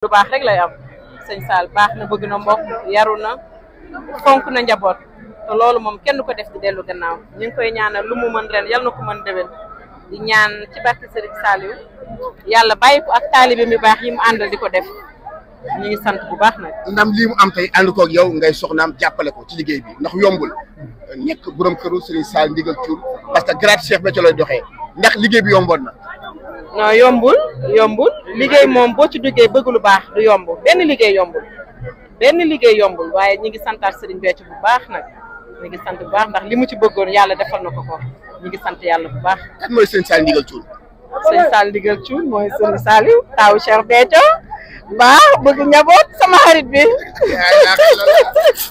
lu baax rek lay am sëñ Saal baax na bëgg na mbokk yaru na fonk na njaboot te loolu moom kenn du ko def di dellu gannaaw ñu ngi koy ñaana lu mu mën ren yal na ko mën déwén di ñaan ci barke Sëriñ Saliou yàlla bàyyi ko ak taalibe mi baax yi mu àndal di ko def ñu ngi sant bu baax na ndam lii mu am tey ànd kook yow ngay soxnaam jàppale ko ci liggéey bi ndax yombul nekk borom këru Sëriñ Saal ndigal cuur parce que grade chef la ci looy doxee ndax liggéey bi yomboon na. non yombul yombul liggéey moom boo ci duggee bëgg lu baax du yomb benn liggéey yombul benn liggéey yombul waaye ñi ngi santaat Serigne Béthio bu baax nag ñi ngi sant bu baax ndax li mu ci bëggoon yàlla defal na ko ko ñi ngi sant yàlla bu baax. kan mooy sëñ Saliou Ndigal Thioune. sëñ Saliou Ndigal Thioune mooy sëñ Saliou taawu Cheikh Béthio baax bëgg njaboot sama xarit bi.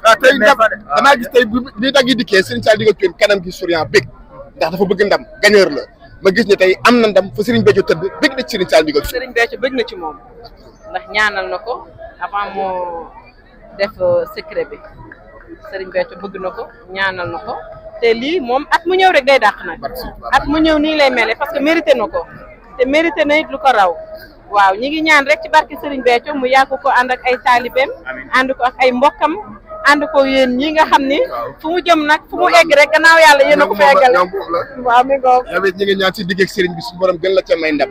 waaw ah, tey damaa gis tey bi dagg yi dikkee sëñ Saliou Ndigal Thioune kanam gi souriant bëgg ndax dafa bëgg ndam la. ma gis ne tey am na ndam fa Serigne Béthio tëdd bëgg na ci Serigne Saliou Ndigal. Serigne Béthio bëgg na ci moom ñaanal na ko avant moo def euh, secret bi Serigne Béthio bëgg na ko ñaanal na ko te lii moom at mu ñëw rek day dàq nag. at mu ñëw nii lay mele parce que mérité na ko te mérité na it lu ko raw waaw ñi ngi ñaan rek ci barke Serigne Béthio mu yàgg ko ànd ak ay taalibeem ànd ko ak ay mbokkam. ànd ko yéen ñi nga xam ni fu mu jëm nag fu mu egg rek gannaaw yàlla yéen a ko fa eggale waaw mi ñaan si digg ak sëriñ bi suñu borom gën la ca may ndam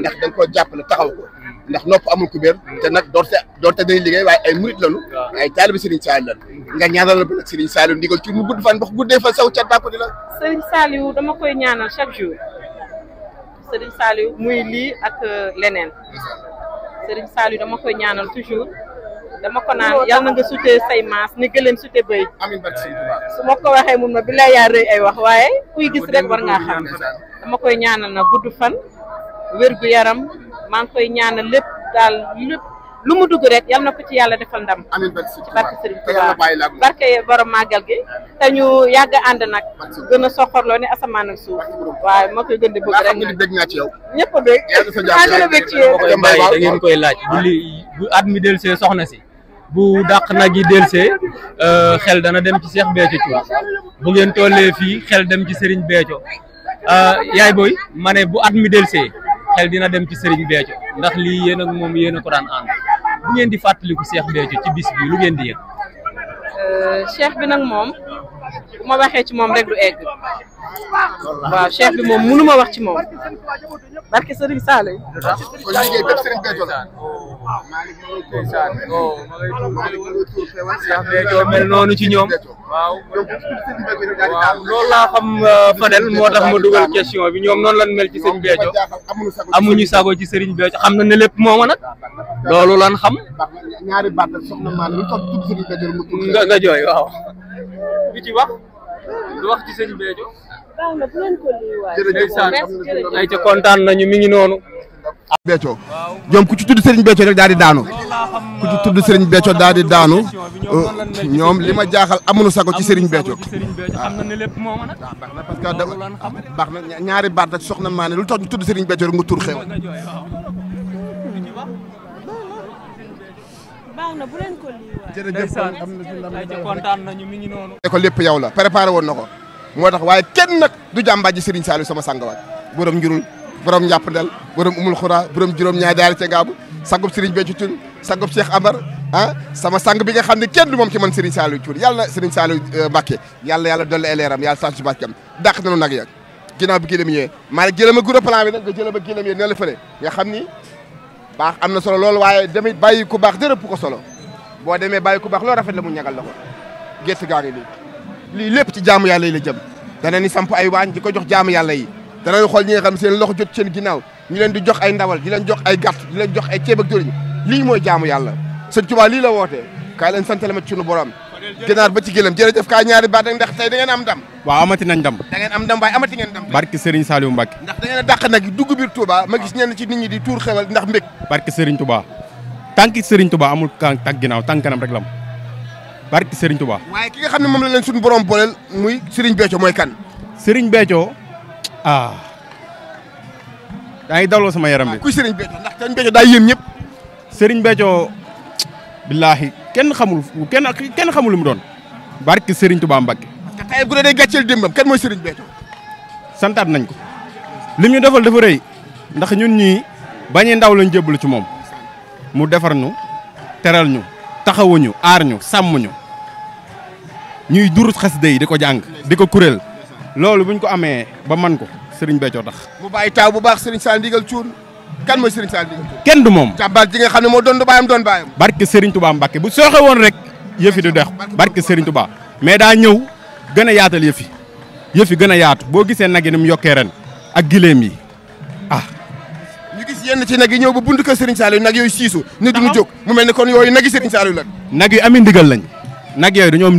ndax da nga koo jàppale taxaw ko ndax nopp amul ku béer te nag doorte doorte dañuy liggéey waaye ay murit lañu ay taalibi sëriñ Saliou nga ñaanal ba nag sëriñ Saliou ndigal ci mu gudd fan wax guddee fa saw ca tàkku di la sëriñ Saliou dama koy ñaanal chaque jour sëriñ Saliou muy lii ak euh, leneen sëriñ Saliou dama koy dama ko naan yal na nga sutee say maas ni gëleem sutee bëy amiin barke sëñ Tuubaa su ma ko waxee mun ma bi lay yaa rëy ay wax waaye kuy gis rek war ngaa xam dama koy ñaanal na gudd fan wér gu yaram maa ngi koy ñaanal lépp daal lépp lu rek yal na ci yàlla defal ndam amiin barke sëñ Tuubaa barke sëñ Tuubaa barke borom màggal gi te ñu yàgg ànd nag gën a soxorloo ni asamaan ak suuf waaw moo koy gën di bëgg rek ñu dégg naa ci yow ñëpp a bëgg a ci yow da ngeen koy laaj bu li bu at mi del see soxna si bu dàq nag yi delsee euh, xel dana dem ci seex Béthio Thioune bu ngeen tollee fii xel dem ci Serigne Béthio euh, yaay booy ma bu at mi delsee xel dina dem ci sëriñ Béthio ndax lii yéen ak moom yéen a ko daan ànd bu ngeen di fàttaliku Cheikh Béthio ci bis bi lu ngeen di yëg. Euh, Cheikh bi nag moom bu ma waxee ci moom rek du egg. waaw cheikh bi moom mënuma wax ci moom barke Serigne Saalay. Oh. Cheikh Béthio mel noonu ci ñoom. waaw loolu laa xam euh, Fadel moo tax ma dugal question bi ñoom noonu lan mel ci Serigne Béthio amuñu sago ci Serigne Béthio xam na ne lépp mooma nag loolu lan xam. nga nga jooy waaw. li ci wax du wax ci Serigne Béthio. ay ca kontaan mi ngi noonu. ku ci tudd Serigne Béthio rek daal di daanu tudd Serigne Béthio daal di daanu euh, ñoom li ma jaaxal amuñu sago ci Serigne Béthio waaw waaw parce baax na ñaari baat soxna maa lu tax ñu tudd Serigne Béthio rek nga tur xew. am na ci ndam. kontaan yow la préparé woon na ko. moo tax waaye kenn nag du jàmbaaj ji Serigne Saliou sama sàngawaat borom njurul borom njàppandal borom umul xuraa borom juróom ñaari daara ca ngaabu sagub Serigne Béthio Thioune sagub Cheikh Amar ah sama sang bi nga xam ne kenn du moom ci man Serigne Saliou Thioune yàlla Serigne Saliou euh, Mbacké yàlla yàlla dolli eleeram yàlla sanc bàkkam dàq nanu nag yag ginnaaw bi gëlëm yee maa ne gëlëm a gura plan bi nag nga jëlëm a gëlëm yee ne la fële nga xam ni baax am na solo loolu waaye demit bàyyi ku baax dërëpp ko solo boo demee bàyyi ku baax loo rafet mu ñagal la ko gerte gaa ngi nii lii lépp ci jaamu yàlla yi la jëm danañu samp ay waañ di ko jox jaamu yàlla yi danañu xool ñi nga xam seen loxo jot seen ginnaaw ñu leen di jox ay ndawal di leen jox ay gàtt di leen jox ay ceeb ak lii mooy jaamu yàlla sëñ Tuubaa lii la wootee kaay leen santale ma ci sunu borom gënaar ba ci gëlëm jërëjëf kaay ñaari baat rek ndax tey da ngeen am ndam waaw amati nañ ndam da ngeen am ndam waaye amati ngeen ndam barke Serigne Saliou Mbacke ndax da ngeen a dàq nag dugg biir Touba ma gis ci nit ñi di tuur xewal ndax mbég barke Serigne Touba tànki Serigne Touba amul tànk ginnaaw tànk kanam rek lam barki Serigne Touba. waaye ki nga xam ne moom la leen suñu borom booleel muy Serigne Béthio mooy kan. Serigne Béthio ah. daa ngi dawloo sama yaram bi kuy Serigne Béthio ndax Serigne Béthio daa yéem ñëpp. sëriñ Béthio billaahi kenn xamul kenn kenn xamul doon. barki Serigne Touba Mbacke. te tey bu dee gàcceel démbam kan mooy Serigne Béthio. santaat nañ ko. lim ñu defal dafa rëy ndax ñun ñii bañee ndaw lañ jébbalu ci moom mu defar ñu teral taxawuñu aarñu ñu ñuy durus xasida yi di ko jàng di ko kuréel loolu bu ñu ko amee ba man ko sëriñ Béthio tax mu bàyyi taaw bu baax sëriñ Sall ndigal cuun kan mooy sëriñ Sall ndigal kenn du moom jàmbaar ji nga xam ne moo doon du baayam doon baayam barke sëriñ Touba Mbacke bu sooxe woon rek yëfi du dex barke sëriñ Touba mais daa ñëw gën a yaatal yëfi yëfi gën a yaatu boo gisee nag yi ni mu yokkee ren ak gileem yi ah ñu gis yenn ci nag yi ñëw ba bunt kër sëriñ Sall nag yooyu siisu ni duñu jóg mel ne kon yooyu nag yi sëriñ Sall la nag yi ami lañ nag yooyu dañoo am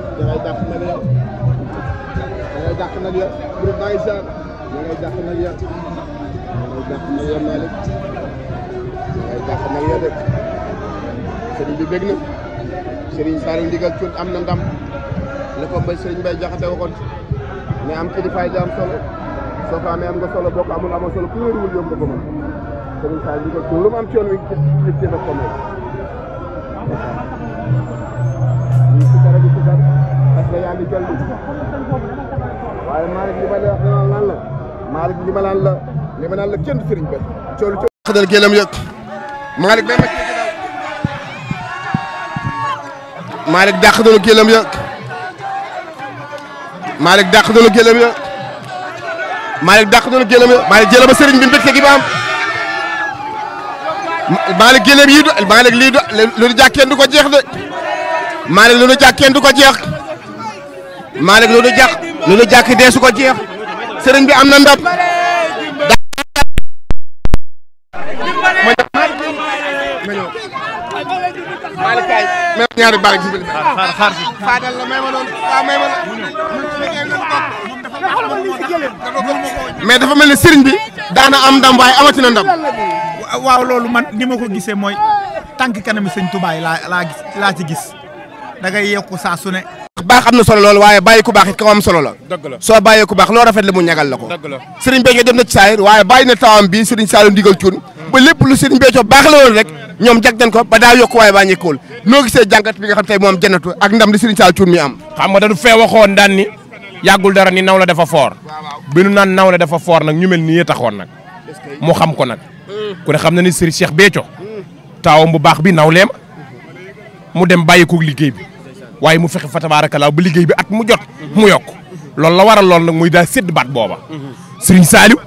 da ngay dàq nag yow da ngay dàq nag yow pour Baye Sarr da ngay dàq nag yow da ngay dàq nag yow Malick da ngay dàq nag yow rek sëriñ bi bég na sëriñ Saliou ndigal cuut am na ndam la ko mbay sëriñ Mbay Jaxate waxoon mais am kilifaay di am solo soo ko amee am nga solo boo ko amul amoo solo ku wéruwul yomb ko mën sëriñ Saliou ndigal cuut lu mu am ci yoon wi gis gis na ko nga yaa ngi jolli waaye Malick li ma la wax naan la Malick li ma naan la li ma naan la kenn sëriñ ba coolu coolu xadal gélam yëg Malick may ma ci ginnaaw Malick dàq na lu gélam yëg Malick dàq na lu gélam yëg Malick dàq na lu gélam yëg Malick jëlama sëriñ bi mbégte gi ba am Malick gélam yi du Malick lii du lu nu jàkkeen du ko jeex de Malick lu nu jàkkeen du ko jeex Malick lu nu jàq lu nu jàkk dee su ko jeex bi am na ndam. ñaari mais dafa mel ni sëriñ bi daana am ndam waaye amati waaw loolu man ni ma ko gisee mooy tànk kanami sëñ Tuubaa laa laa gis ci gis da ngay yokku saa baax am na solo lool waaye bàyyi ku baax it ko am solo soo bàyyee ku baax loo rafet la mu ñagal la ko sëriñ Béthio jot na ci saayir waaye bàyyi na tawam bi sëriñ Saliou ndigal cuun ba lépp lu sëriñ baax la woon rek ñoom jag nañ ko ba daa yokku waaye baa ñekkool noo gisee jàngat bi nga xam tey moom am jannatu ak ndam li sëriñ Saliou cuun mi am xam nga dañu fee waxoon daan ni yàggul dara ni naw la dafa foor bi naan naw la dafa foor nag ñu mel ni yee taxoon nag mu xam ko nag hmm. ku xam na ni sëriñ Cheikh Béthio hmm. taawam bu baax bi naw leema hmm. mu dem bàyyi liggéey bi waaye mu fexe fa tabaarakallaa ba liggéey bi at mu jot mu yokk loolu la waral loolu nag muy daal sédd baat booba sëriñ Saliou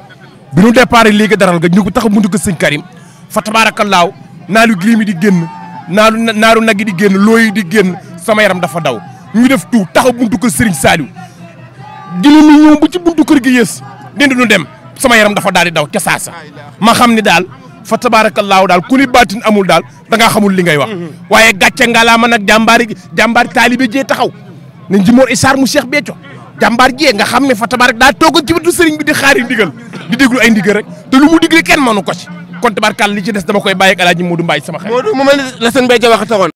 bi ñu départ léegi daral ga ñu ko tax a buntu ko sëñ Karim fa tabaarakallaa naalu giléem yi di génn naalu naaru nag yi di génn looyi di génn sama yaram dafa daw ñu def tuu tax a buntu ko sëriñ Saliou giléem yi ñëw ci buntu kër gi yées dindi ñu dem sama yaram dafa daal di daw ca saasa ma xam ni daal fa tabaarakallaahu daal ku li baatin amul daal da ngaa xamul li ngay wax. Mm-hmm. waaye gàcce ngalaama nag jàmbaari jàmbaar taalibe jee taxaw ne Njimoor Isaar mu Cheikh Béthio jàmbaar jee nga xam ne fa tabaarak daa toogoon ci wetu sëriñ bi di xaari ndigal di déglu ay ndigal rek te lu mu digle kenn mënu ko ci kon tabaarkàlla li ci des dama koy bàyyi ak El Hadj Modou wax taxoon